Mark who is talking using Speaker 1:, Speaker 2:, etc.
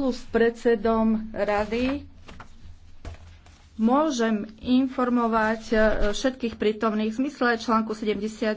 Speaker 1: Spolu s predsedom rady môžem informovať eh, všetkých prítomných v zmysle článku 79